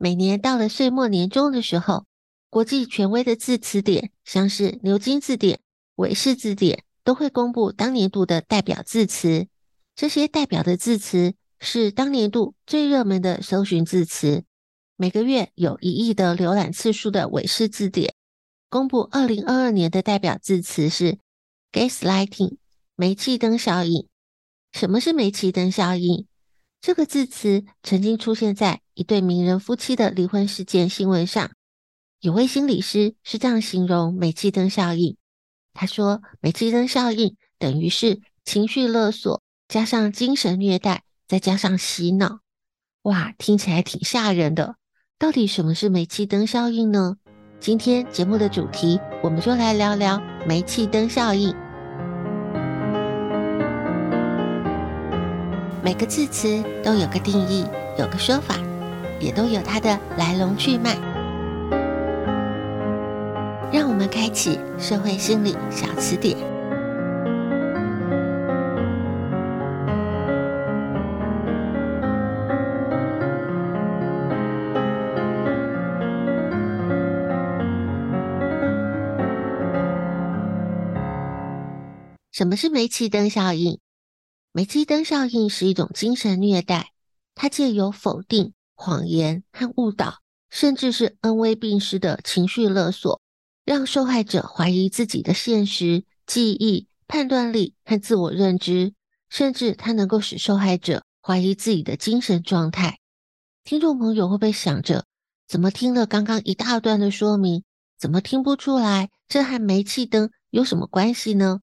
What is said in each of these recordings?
每年到了歲末年終的時候，國際權威的字詞典，像是牛津字典、韋氏字典，都會公布當年度的代表字詞。這些代表的字詞是當年度最熱門的搜尋字詞。每個月有一億的瀏覽次數的韋氏字典，公布二零二二年的代表字詞是 Gaslighting（ 煤氣燈效應）。什麼是煤氣燈效應？這個字詞曾經出現在一對名人夫妻的離婚事件新聞上。有位心理師是這樣形容煤氣燈效應，他說：“煤氣燈效應等於是情緒勒索，加上精神虐待，再加上洗腦。”哇，聽起來挺嚇人的。到底什麼是煤氣燈效應呢？今天節目的主題，我們就來聊聊煤氣燈效應。每個字詞都有個定義，有個說法，也都有它的來龍去脈。讓我們開啟《社會心理小詞典》。什麼是煤氣燈效應？煤氣燈效應是一種精神虐待，它借由否定、謊言和誤導，甚至是恩威並施的情緒勒索，讓受害者懷疑自己的現實、記憶、判斷力和自我認知，甚至它能夠使受害者懷疑自己的精神狀態。聽眾朋友會不會想着，怎麼聽了剛剛一大段的說明，怎麼聽不出來這和煤氣燈有什麼關係呢？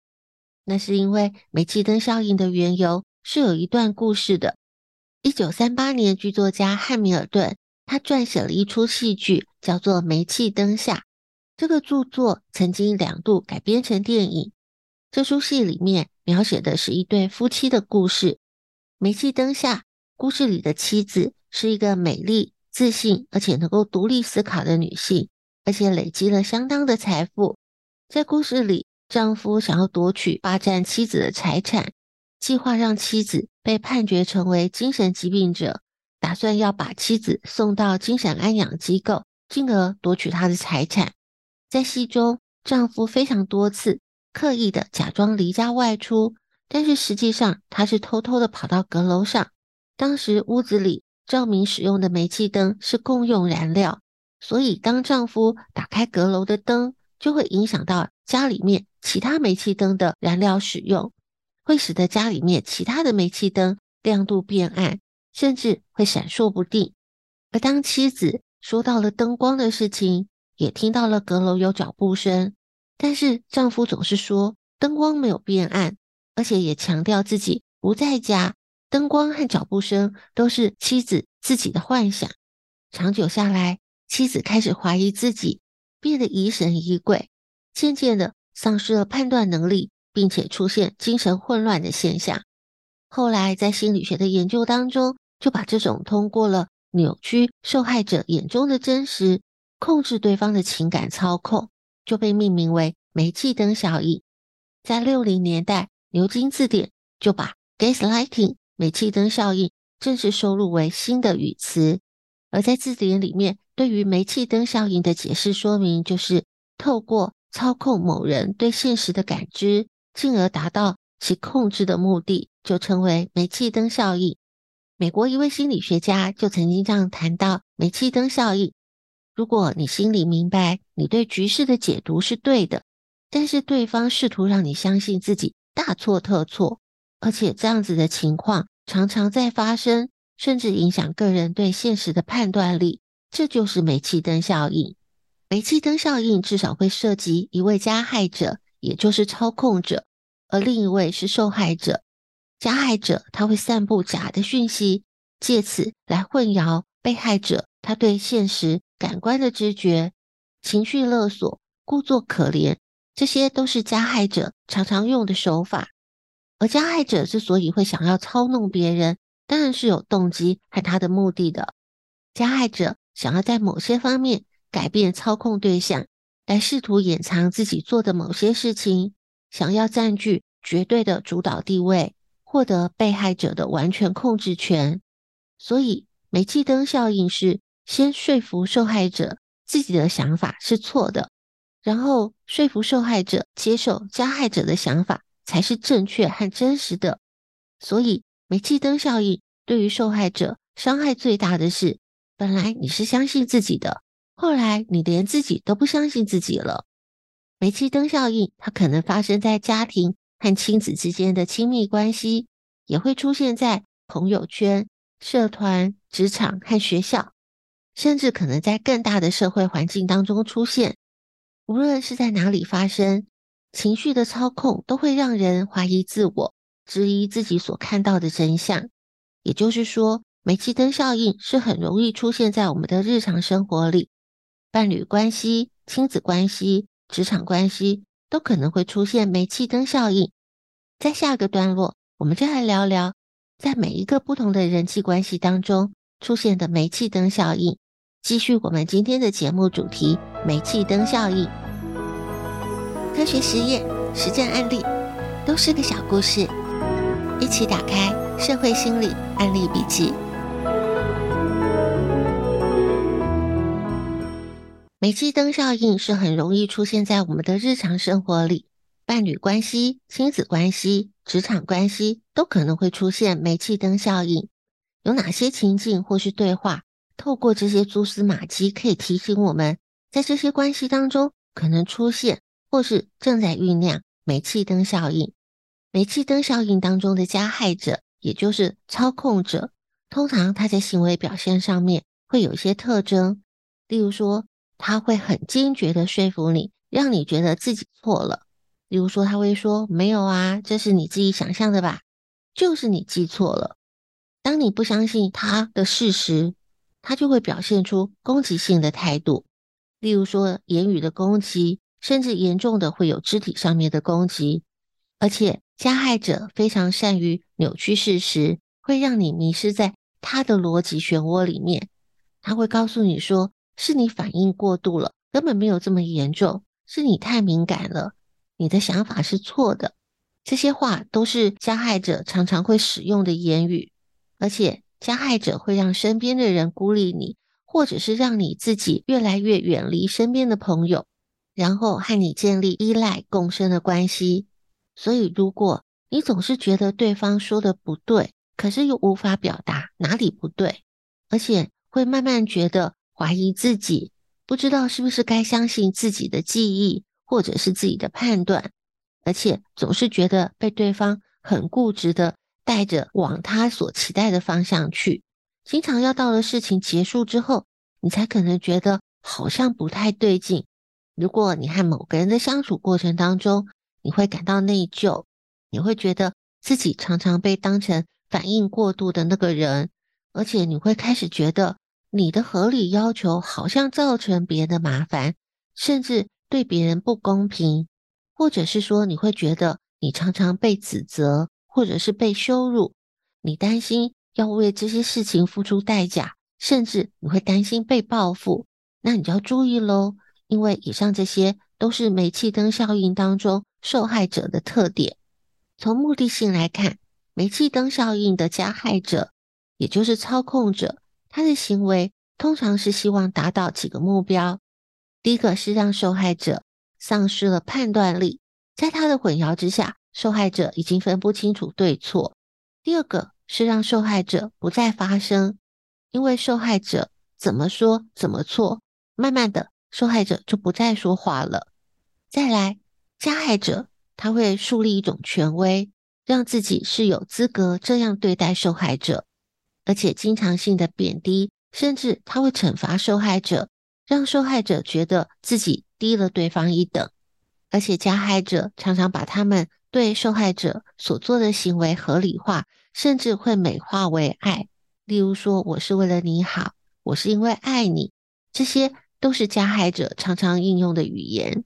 那是因為煤氣燈效應的緣由是有一段故事的。一九三八年，劇作家漢密爾頓他撰寫了一出戲劇，叫做《煤氣燈下》。這個著作曾經兩度改編成電影。這出戲裡面描寫的是一對夫妻的故事，《煤氣燈下》故事裡的妻子是一個美麗、自信，而且能夠獨立思考的女性，而且累積了相當的財富。在故事裡，丈夫想要奪取、霸佔妻子的財產，計劃讓妻子被判決成為精神疾病者，打算要把妻子送到精神安養機構，進而奪取她的財產。在戲中，丈夫非常多次刻意的假裝離家外出，但是實際上他是偷偷的跑到閣樓上。當時屋子裡照明使用的煤氣燈是共用燃料，所以當丈夫打開閣樓的燈，就會影響到家裡面。其他煤氣燈的燃料使用，會使得家裡面其他的煤氣燈亮度變暗，甚至會閃爍不定。而當妻子說到了燈光的事情，也聽到了閣樓有腳步聲，但是丈夫總是說燈光沒有變暗，而且也強調自己不在家，燈光和腳步聲都是妻子自己的幻想。長久下來，妻子開始懷疑自己，變得疑神疑鬼，漸漸的，喪失了判斷能力，並且出現精神混亂的現象。後來在心理學的研究當中，就把這種通過了扭曲受害者眼中的真實、控制對方的情感操控，就被命名為煤氣燈效應。在六零年代，牛津字典就把 Gaslighting 煤氣燈效應正式收錄為新的語詞。而在字典裡面，對於煤氣燈效應的解釋說明就是透過。操控某人對現實的感知，進而達到其控制的目的，就稱為煤氣燈效應。美國一位心理學家就曾經這樣談到煤氣燈效應：如果你心裡明白，你對局勢的解讀是對的，但是對方試圖讓你相信自己大錯特錯，而且這樣子的情況常常在發生，甚至影響個人對現實的判斷力，這就是煤氣燈效應。煤氣燈效應至少會涉及一位加害者，也就是操控者，而另一位是受害者。加害者他會散布假的訊息，借此來混淆被害者他對現實感官的知覺。情緒勒索、故作可憐，這些都是加害者常常用的手法。而加害者之所以會想要操弄別人，當然是有動機和他的目的的。加害者想要在某些方面。改變操控對象，來試圖掩藏自己做的某些事情，想要占據絕對的主導地位，獲得被害者的完全控制權。所以煤氣燈效應是先說服受害者自己的想法是錯的，然後說服受害者接受加害者的想法才是正確和真實的。所以煤氣燈效應對於受害者傷害最大的是，本來你是相信自己的。後來，你連自己都不相信自己了。煤氣燈效應，它可能發生在家庭和親子之間的親密關係，也會出現在朋友圈、社團、職場和學校，甚至可能在更大的社會環境當中出現。無論是在哪裡發生，情緒的操控都會讓人懷疑自我，質疑自己所看到的真相。也就是說，煤氣燈效應是很容易出現在我們的日常生活裡。伴侶關係、親子關係、職場關係，都可能會出現煤氣燈效應。在下個段落，我們就來聊聊在每一個不同的人際關係當中出現的煤氣燈效應。繼續我們今天的節目主題：煤氣燈效應、科學實驗、實戰案例，都是個小故事。一起打開《社會心理案例筆記》。煤氣燈效應是很容易出現在我們的日常生活裡，伴侶關係、親子關係、職場關係都可能會出現煤氣燈效應。有哪些情境或是對話？透過這些蛛絲馬跡，可以提醒我們，在這些關係當中，可能出現或是正在醞釀煤氣燈效應。煤氣燈效應當中的加害者，也就是操控者，通常他在行為表現上面會有一些特徵，例如說。他會很堅決地說服你，讓你覺得自己錯了。例如說，他會說：“沒有啊，這是你自己想象的吧？就是你記錯了。”當你不相信他的事實，他就會表現出攻擊性的態度。例如說，言語的攻擊，甚至嚴重的會有肢體上面的攻擊。而且，加害者非常善於扭曲事實，會讓你迷失在他的邏輯漩渦裡面。他會告訴你說，是你反應過度了，根本沒有這麼嚴重。是你太敏感了，你的想法是錯的。這些話都是加害者常常會使用的言語，而且加害者會讓身邊的人孤立你，或者是讓你自己越來越遠離身邊的朋友，然後和你建立依賴共生的關係。所以，如果你總是覺得對方說的不對，可是又無法表達哪裡不對，而且會慢慢覺得。懷疑自己，不知道是不是該相信自己的記憶，或者是自己的判斷，而且總是覺得被對方很固執的帶着往他所期待的方向去。經常要到了事情結束之後，你才可能覺得好像不太對勁。如果你和某個人的相處過程當中，你會感到內疚，你會覺得自己常常被當成反應過度的那個人，而且你會開始覺得。你的合理要求好像造成別人的麻煩，甚至對別人不公平，或者是說你會覺得你常常被指責，或者是被羞辱，你擔心要為這些事情付出代價，甚至你會擔心被報復。那你就要注意嘍，因為以上這些都是煤氣燈效應當中受害者的特點。從目的性來看，煤氣燈效應的加害者，也就是操控者。他的行為通常是希望達到幾個目標：第一個是讓受害者喪失了判斷力，在他的混淆之下，受害者已經分不清楚對錯；第二個是讓受害者不再發聲，因為受害者怎麼說怎麼錯，慢慢的受害者就不再說話了。再來，加害者他會樹立一種權威，讓自己是有資格這樣對待受害者。而且經常性的貶低，甚至他會懲罰受害者，讓受害者覺得自己低了對方一等。而且加害者常常把他們對受害者所做的行為合理化，甚至會美化為愛。例如說：“我是為了你好，我是因為愛你。”這些都是加害者常常應用的語言。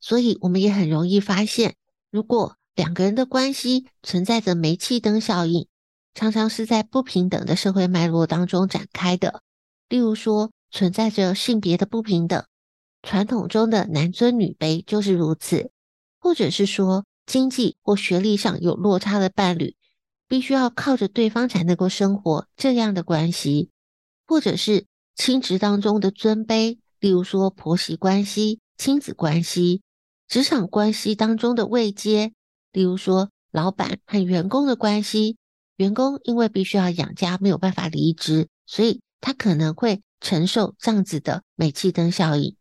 所以，我們也很容易發現，如果兩個人的關係存在着煤氣燈效應。常常是在不平等的社會脈絡當中展開的，例如說存在着性別的不平等，傳統中的男尊女卑就是如此；或者是說經濟或學歷上有落差的伴侶，必須要靠着對方才能夠生活這樣的關係；或者是親職當中的尊卑，例如說婆媳關係、親子關係、職場關係當中的位階，例如說老闆和員工的關係。員工因為必須要養家，沒有辦法離職，所以他可能會承受這樣子的煤氣燈效應。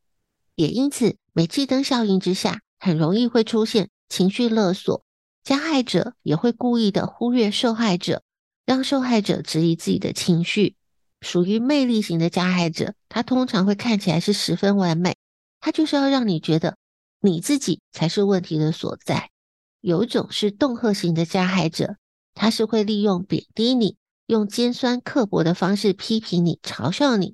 也因此，煤氣燈效應之下，很容易會出現情緒勒索。加害者也會故意的忽略受害者，讓受害者質疑自己的情緒。屬於魅力型的加害者，他通常會看起來是十分完美，他就是要讓你覺得你自己才是問題的所在。有一種是恫嚇型的加害者。他是會利用貶低你，用尖酸刻薄的方式批評你、嘲笑你；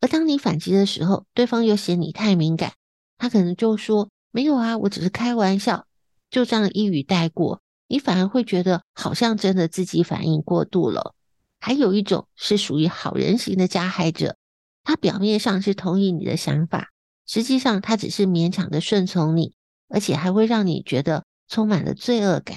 而當你反擊的時候，對方又嫌你太敏感，他可能就說：“沒有啊，我只是開玩笑。”就這樣一語帶過，你反而會覺得好像真的自己反應過度了。還有一種是屬於好人型的加害者，他表面上是同意你的想法，實際上他只是勉強的順從你，而且還會讓你覺得充滿了罪惡感。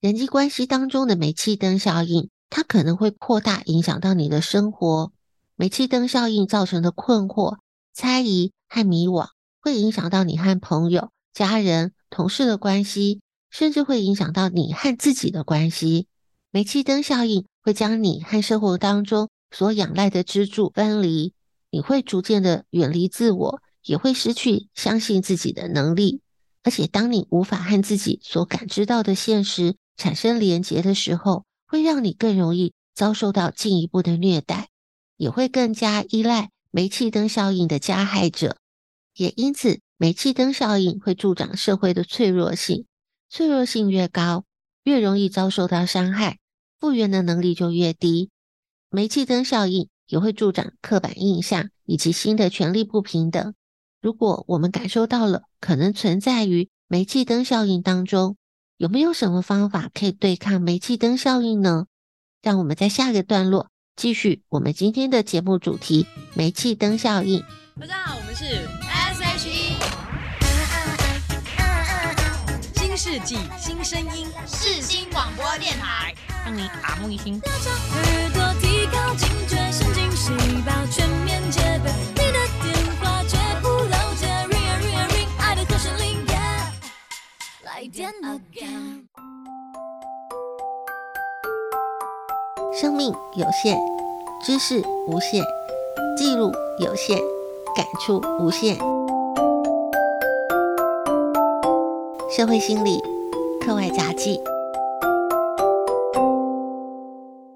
人際關係當中的煤氣燈效應，它可能會擴大，影響到你的生活。煤氣燈效應造成的困惑、猜疑和迷惘，會影響到你和朋友、家人、同事的關係，甚至會影響到你和自己的關係。煤氣燈效應會將你和生活當中所仰賴的支柱分離，你會逐漸的遠離自我，也會失去相信自己的能力。而且，當你無法和自己所感知到的現實產生連結的時候，會讓你更容易遭受到進一步的虐待，也會更加依賴煤氣燈效應的加害者。也因此，煤氣燈效應會助長社會的脆弱性，脆弱性越高，越容易遭受到傷害，復原的能力就越低。煤氣燈效應也會助長刻板印象以及新的權力不平等。如果我們感受到了可能存在於煤氣燈效應當中。有沒有什麼方法可以對抗煤氣燈效應呢？讓我們在下個段落繼續我們今天的節目主題——煤氣燈效應。大家好，我們是 S, S H E，S、啊啊啊啊啊啊、新世紀新聲音，世新廣播電臺，啊、讓你耳目一新。場生命有限，知識無限，記錄有限，感觸無限。社會心理課外雜記。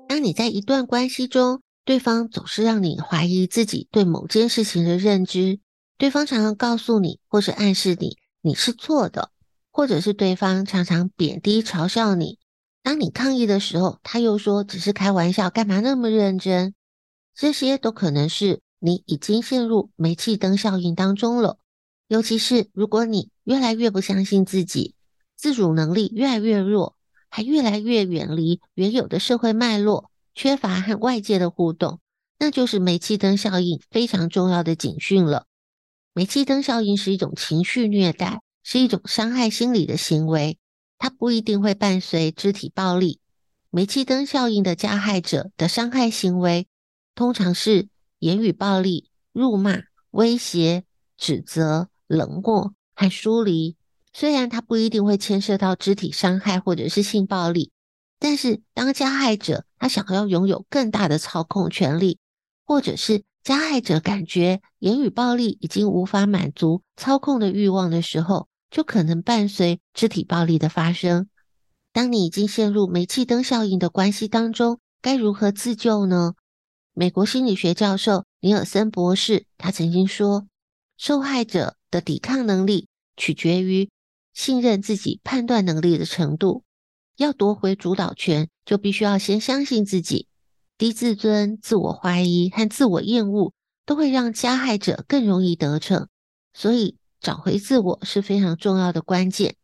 當你在一段關係中，對方總是讓你懷疑自己對某件事情的認知，對方常常告訴你或是暗示你，你是錯的。或者是對方常常貶低嘲笑你，當你抗議的時候，他又說只是開玩笑，幹嘛那麼認真？這些都可能是你已經陷入煤氣燈效應當中了。尤其是如果你越來越不相信自己，自主能力越來越弱，還越來越遠離原有的社會脈絡，缺乏和外界的互動，那就是煤氣燈效應非常重要的警訊了。煤氣燈效應是一種情緒虐待。是一種傷害心理的行為，它不一定會伴隨肢體暴力。煤氣燈效應的加害者的傷害行為，通常是言語暴力、辱罵、威脅、指責、冷漠和疏離。雖然它不一定會牽涉到肢體傷害或者是性暴力，但是當加害者他想要擁有更大的操控權力，或者是加害者感覺言語暴力已經無法滿足操控的欲望的時候，就可能伴隨肢體暴力的發生。當你已經陷入煤氣燈效應的關係當中，該如何自救呢？美國心理學教授尼爾森博士他曾經說：“受害者的抵抗能力取決於信任自己判斷能力的程度。要奪回主導權，就必須要先相信自己。低自尊、自我懷疑和自我厭惡都會讓加害者更容易得逞。”所以，找回自我是非常重要的關鍵。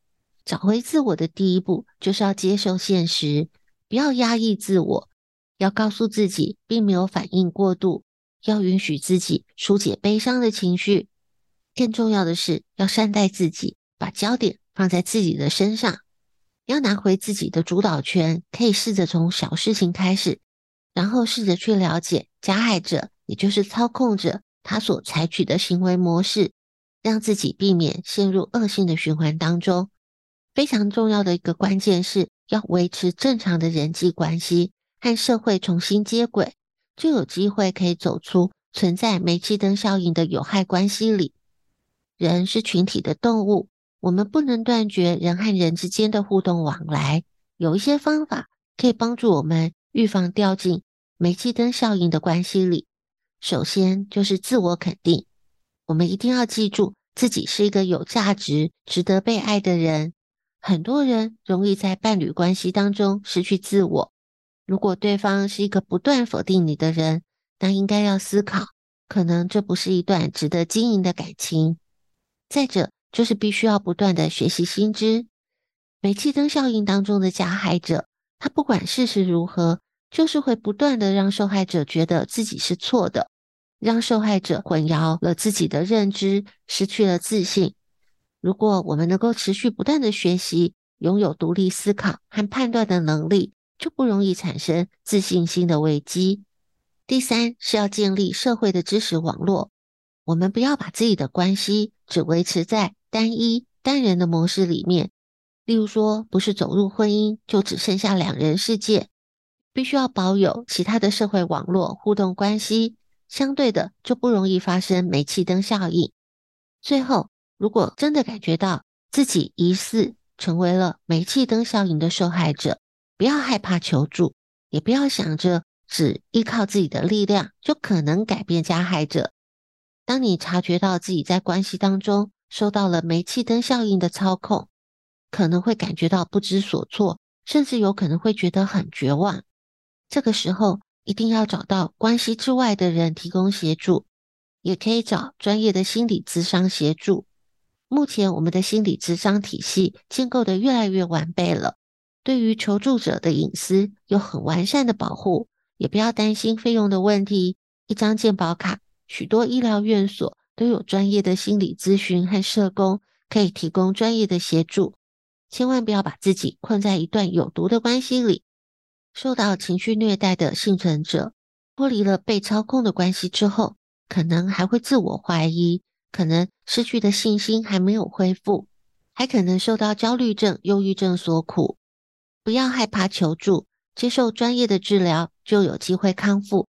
找回自我的第一步就是要接受現實，不要壓抑自我，要告訴自己並沒有反應過度，要允許自己疏解悲傷的情緒。更重要的是要善待自己，把焦點放在自己的身上，要拿回自己的主導權。可以試着從小事情開始，然後試着去了解加害者，也就是操控者，他所採取的行為模式。讓自己避免陷入惡性的循環當中，非常重要的一個關鍵是要維持正常的人際關係和社會重新接軌，就有機會可以走出存在煤氣燈效應的有害關係裡。人是群體的動物，我們不能斷絕人和人之間的互動往來。有一些方法可以幫助我們預防掉進煤氣燈效應的關係裡。首先就是自我肯定。我們一定要記住，自己是一個有價值、值得被愛的人。很多人容易在伴侶關係當中失去自我。如果對方是一個不斷否定你的人，那應該要思考，可能這不是一段值得經營的感情。再者，就是必須要不斷的學習新知，煤氣燈效應當中的加害者，他不管事實如何，就是會不斷的讓受害者覺得自己是錯的。讓受害者混淆了自己的認知，失去了自信。如果我們能夠持續不斷的學習，擁有獨立思考和判斷的能力，就不容易產生自信心的危機。第三是要建立社會的知識網絡，我們不要把自己的關係只維持在單一單人的模式裡面，例如說不是走入婚姻，就只剩下兩人世界，必須要保有其他的社會網絡互動關係。相對的，就不容易發生煤氣燈效應。最後，如果真的感覺到自己疑似成為了煤氣燈效應的受害者，不要害怕求助，也不要想着只依靠自己的力量就可能改變加害者。當你察覺到自己在關係當中受到了煤氣燈效應的操控，可能會感覺到不知所措，甚至有可能會覺得很絕望。這個時候，一定要找到關係之外的人提供協助，也可以找專業的心理諮商協助。目前我們的心理諮商體系建構得越來越完備了，對於求助者的隱私有很完善的保護，也不要擔心費用的問題。一張健保卡，許多醫療院所都有專業的心理諮詢和社工，可以提供專業的協助。千萬不要把自己困在一段有毒的關係裡。受到情緒虐待的倖存者，脫離了被操控的關係之後，可能還會自我懷疑，可能失去的信心還沒有恢復，還可能受到焦慮症、憂鬱症所苦。不要害怕求助，接受專業的治療就有機會康復。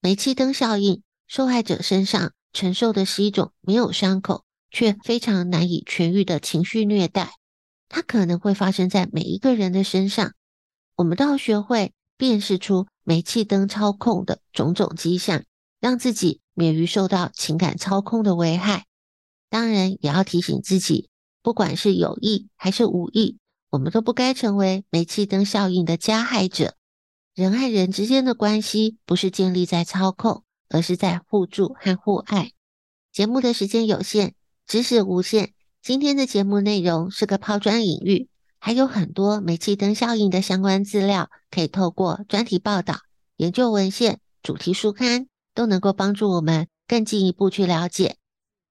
煤氣燈效應，受害者身上承受的是一種沒有傷口，卻非常難以痊癒的情緒虐待，它可能會發生在每一個人的身上。我們都要學會辨識出煤氣燈操控的種種跡象，讓自己免於受到情感操控的危害。當然，也要提醒自己，不管是有意還是無意，我們都不該成為煤氣燈效應的加害者。人和人之間的關係不是建立在操控，而是在互助和互愛。節目的時間有限，知識無限。今天的節目內容是個拋磚引玉。還有很多煤氣燈效應的相關資料，可以透過專題報道、研究文獻、主題書刊，都能夠幫助我們更進一步去了解。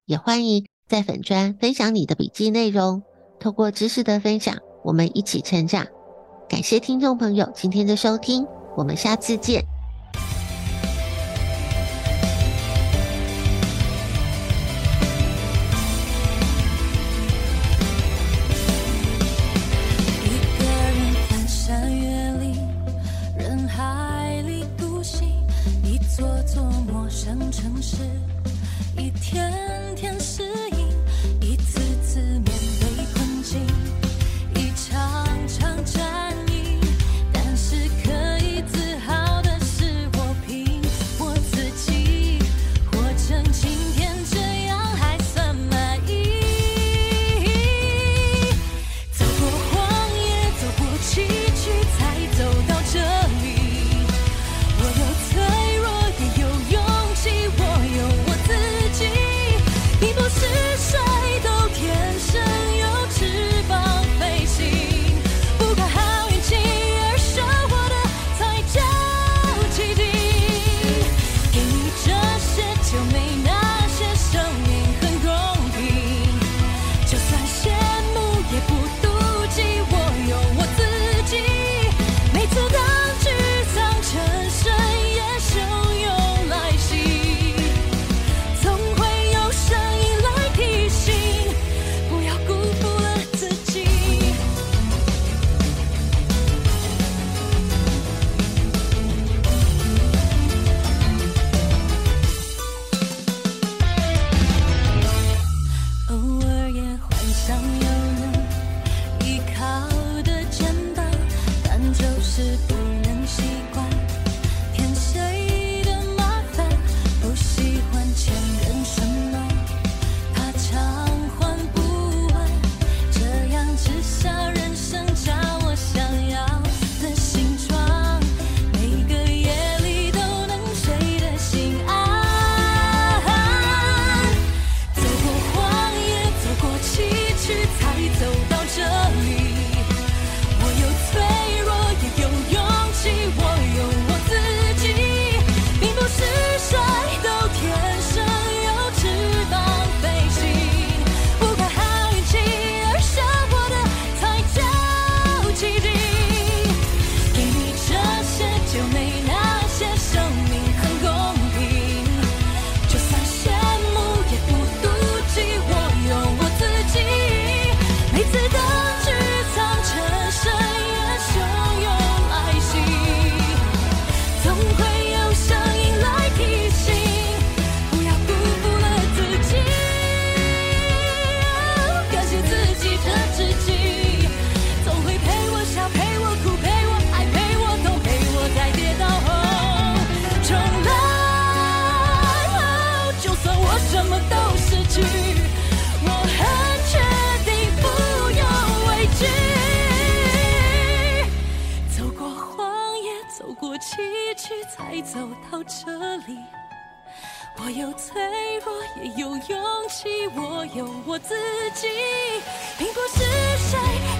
也歡迎在粉專分享你的筆記內容，透過知識的分享，我們一起成長。感謝聽眾朋友今天的收聽，我們下次見。走到這裡，我有脆弱，也有勇氣，我有我自己，並不是誰。